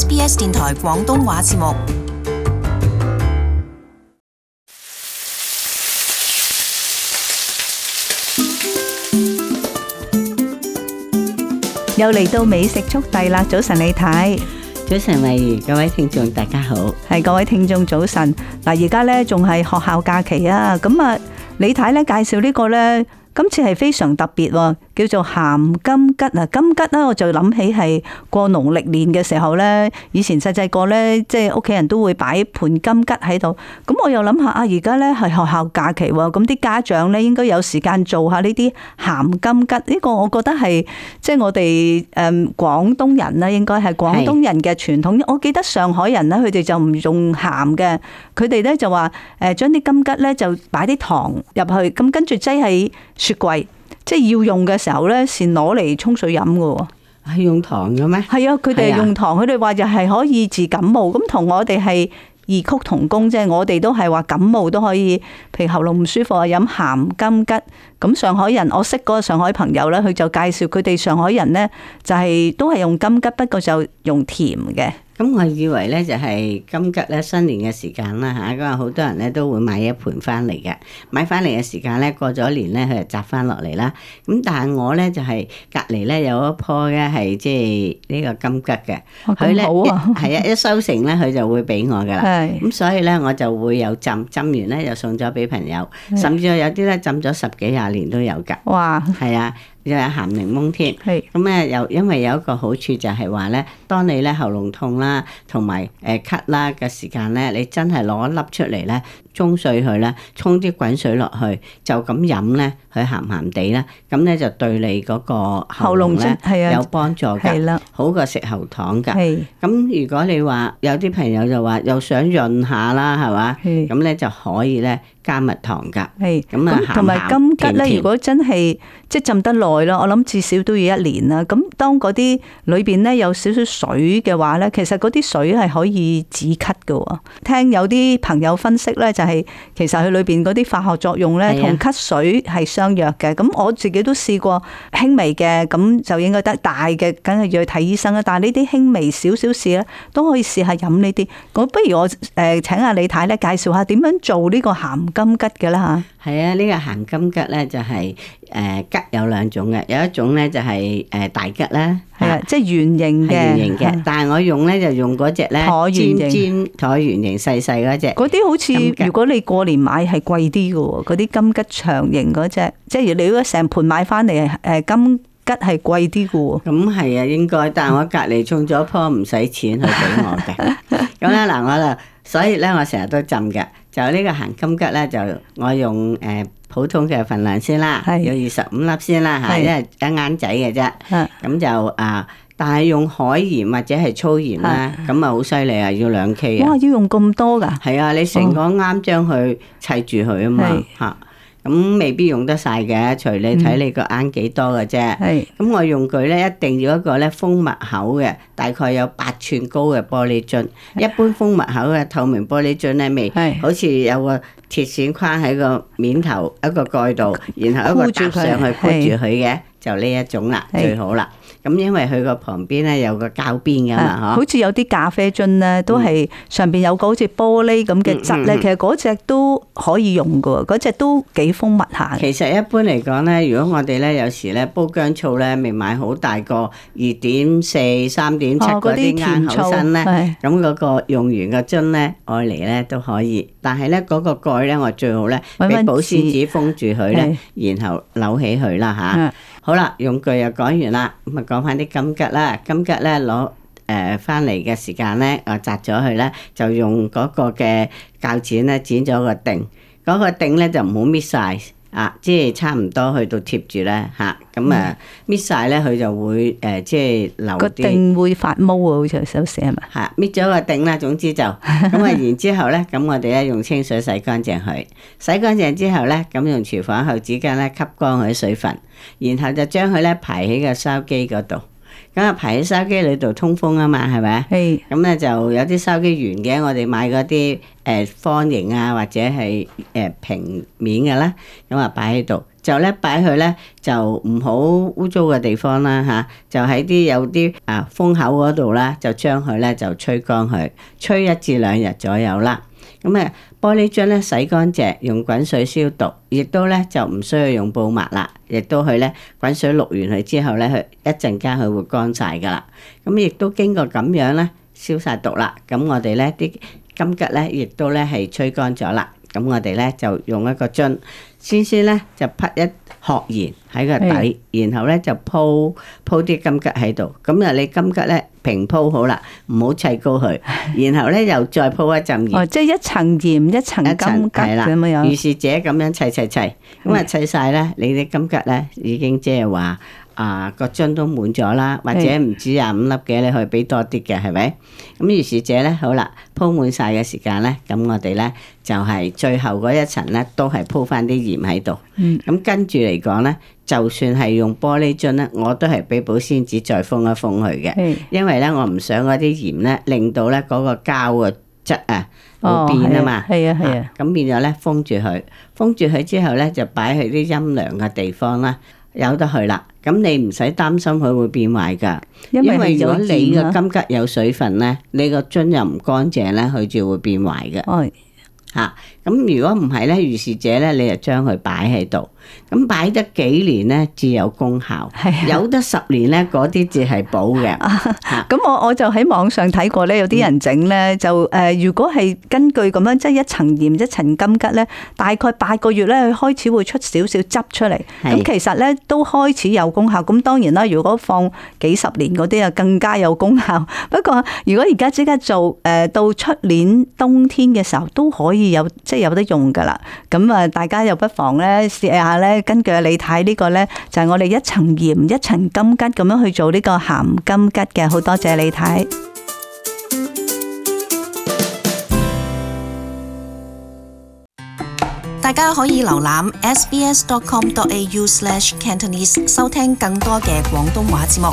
SBS 電台廣東話節目，又嚟到美食速遞啦！早晨，李太，早晨，各位聽眾，大家好，係各位聽眾早晨。嗱，而家咧仲係學校假期啊，咁啊，李太咧介紹呢個咧。今次係非常特別喎，叫做鹹金桔啊！金桔啦，我就諗起係過農曆年嘅時候咧，以前細細個咧，即係屋企人都會擺盤金桔喺度。咁我又諗下啊，而家咧係學校假期喎，咁啲家長咧應該有時間做下呢啲鹹金桔。呢個我覺得係即係我哋誒廣東人啦，應該係廣東人嘅傳統。我記得上海人咧，佢哋就唔用鹹嘅，佢哋咧就話誒將啲金桔咧就擺啲糖入去，咁跟住擠喺雪櫃，即係要用嘅時候咧，先攞嚟沖水飲㗎喎。係用糖嘅咩？係啊，佢哋用糖，佢哋話就係可以治感冒，咁同、啊、我哋係異曲同工。即係我哋都係話感冒都可以，譬如喉嚨唔舒服啊，飲鹹柑桔。咁上海人，我識嗰個上海朋友咧，佢就介紹佢哋上海人咧，就是，就係都係用柑桔，不過就用甜嘅。咁我以為咧就係金桔咧，新年嘅時間啦嚇，咁啊好多人咧都會買一盆翻嚟嘅，買翻嚟嘅時間咧，過咗年咧佢就摘翻落嚟啦。咁但係我咧就係隔離咧有一棵咧，係即係呢個金桔嘅，佢咧係啊，好啊， 一，啊一收成咧佢就會俾我噶啦。咁 所以咧我就會有浸，浸完咧就送咗俾朋友，甚至有啲咧浸咗十幾廿年都有㗎。哇！係啊。又有鹹檸檬添，咁咧又因為有一個好處就係話咧，當你咧喉嚨痛啦，同埋誒咳啦嘅時間咧，你真係攞一粒出嚟咧，舂碎佢咧，沖啲滾水落去，就咁飲咧，佢鹹鹹地啦，咁咧就對你嗰個喉嚨咧有幫助嘅，啊啊啊、好過食喉糖㗎。咁是如果你話有啲朋友就話又想潤下啦，係嘛？咁咧是就可以咧。加蜜糖噶，係咁啊，同埋柑桔咧，吉甜甜如果真係即係浸得耐咯，我諗至少都要一年啦。咁當嗰啲裏邊咧有少少水嘅話咧，其實嗰啲水係可以止咳嘅。聽有啲朋友分析咧，就係、是、其實佢裏邊嗰啲化學作用咧，同咳水係相約嘅。咁是、啊、我自己都試過輕微嘅，咁就應該得。大嘅梗係要去睇醫生啦。但係呢啲輕微少少事咧，都可以試下飲呢啲。我不如我誒，請阿李太咧介紹下點樣做呢個鹹。金桔嘅啦吓，係啊，呢、這個行金桔咧就係誒桔有兩種嘅，有一種咧就係、是、誒、呃、大桔啦，係啊，即係圓形嘅，圓形嘅，啊、但係我用咧就用嗰隻咧，橢圓形、橢圓形細細嗰隻，嗰啲好似吉如果你過年買係貴啲嘅喎，嗰啲金桔長形嗰隻，即係如果你成盤買翻嚟誒金桔係貴啲嘅喎，咁係啊應該，但係我隔籬種咗棵唔使錢去俾我嘅。 咁咧嗱，我就所以咧，我成日都浸噶。就呢個鹹柑桔咧，就我用誒、呃、普通嘅份量先啦，有二十五粒先啦嚇，因為是、就是、一啱仔嘅啫。咁是就啊，但係用海鹽或者係粗鹽啦，咁啊好犀利啊，要兩 K，啊。哇！要用咁多噶？係啊，你成個啱將佢砌住佢啊嘛嚇。是咁、嗯、未必用得晒嘅，除你睇你個眼幾多嘅啫。咁是我用佢咧，一定要一個咧封密口嘅，大概有八吋高嘅玻璃樽。 一般封密口嘅透明玻璃樽咧，未是好似有個。鐵線框喺個面頭一個蓋度，然後一個搭上去箍的住佢嘅，就呢一種啦，最好啦。咁的因為佢個旁邊咧有個膠邊噶嘛，吓。好似有啲咖啡樽咧，都係上邊有個好似玻璃咁嘅質咧。嗯嗯嗯嗯其實嗰隻都可以用噶，嗰隻都幾蜂蜜下。其實一般嚟講咧，如果我哋咧有時咧煲薑醋咧，未買好大個二點四、三點七嗰啲甜醋咧，咁嗰個用完個樽咧，愛嚟咧都可以。但係咧嗰個蓋咧，我最好咧俾保鮮紙封住佢咧，然後扭起佢啦嚇。好啦，用具又講完啦，咁啊講翻啲金桔啦，金桔咧攞誒翻嚟嘅時間咧，我摘咗佢咧，就用嗰個嘅鉸剪咧剪咗個頂，嗰、嗰個頂咧就唔好搣晒。啊，即係差唔多去到貼住咧嚇，咁啊搣曬咧佢就會誒、呃、即係留啲。個頂會發毛啊，好似手寫係咪？嚇，搣咗個頂啦，總之就咁啊、嗯，然之後咧，咁我哋咧用清水洗乾淨佢，洗乾淨之後咧，咁用廚房後紙巾咧吸乾佢水分，然後就將佢咧排喺個筲箕嗰度。咁啊，排喺收機裏度通風啊嘛，係咪啊？咁咧 Hey,、嗯、就有啲收機圓嘅，我哋買嗰啲誒方形啊，或者係誒、呃、平面嘅啦，咁、嗯、啊擺喺度，就咧擺佢咧就唔好污糟嘅地方啦吓、啊，就喺啲有啲啊風口嗰度啦，就將佢咧就吹乾佢，吹一至兩日左右啦。咁啊，玻璃樽咧洗乾淨，用滾水消毒，亦都咧就唔需要用布抹啦，亦都佢咧滾水渌完佢之後咧，佢一陣間佢會乾晒噶啦。咁亦都經過咁樣咧，消晒毒啦。咁我哋咧啲金桔咧，亦都咧係吹乾咗啦。咁我哋咧就用一個樽，先先咧就滗一殼鹽喺個底，然後咧就鋪鋪啲金桔喺度。咁啊，你金桔咧平鋪好啦，唔好砌高佢。然後咧又再鋪一浸鹽。哦，即係一層鹽一層金桔咁樣。如是者咁樣砌砌砌，咁啊砌晒咧，你啲金桔咧已經即係話。啊，個樽都滿咗啦，或者唔止廿五粒嘅，你是可以俾多啲嘅，係咪？咁於是者咧，好啦，鋪滿晒嘅時間咧，咁我哋咧就係、是、最後嗰一層咧，都係鋪翻啲鹽喺度。咁、嗯、跟住嚟講咧，就算係用玻璃樽咧，我都係俾保鮮紙再封一封佢嘅，是因為咧我唔想嗰啲鹽咧令到咧嗰個膠嘅質啊變啊嘛。係啊係啊，咁變咗咧封住佢，封住佢之後咧就擺去啲陰涼嘅地方啦。有得去啦，咁你唔使擔心佢會變壞噶因為如果你個金桔有水分咧，你個樽又唔乾淨咧，佢就會變壞嘅。吓、哎、咁、啊、如果唔係咧，如是者咧，你就將佢擺喺度。咁擺得幾年咧，至有功效；有得、啊、十年咧，嗰啲至係補嘅。咁我我就喺網上睇過咧，有啲人整咧，就誒、呃，如果係根據咁樣，即係一層鹽一層金桔咧，大概八個月咧，佢開始會出少少汁出嚟。咁是其實咧都開始有功效。咁當然啦，如果放幾十年嗰啲啊，更加有功效。不過如果而家即刻做，誒、呃，到出年冬天嘅時候都可以有，即係有得用噶啦。咁啊，大家又不妨咧試下。咧，根據李太呢個咧，就係我哋一層鹽、一層金桔咁樣去做呢個鹹金桔嘅。好多謝李太，大家可以瀏覽 sbs.com.au/cantonese，收聽更多嘅廣東話節目。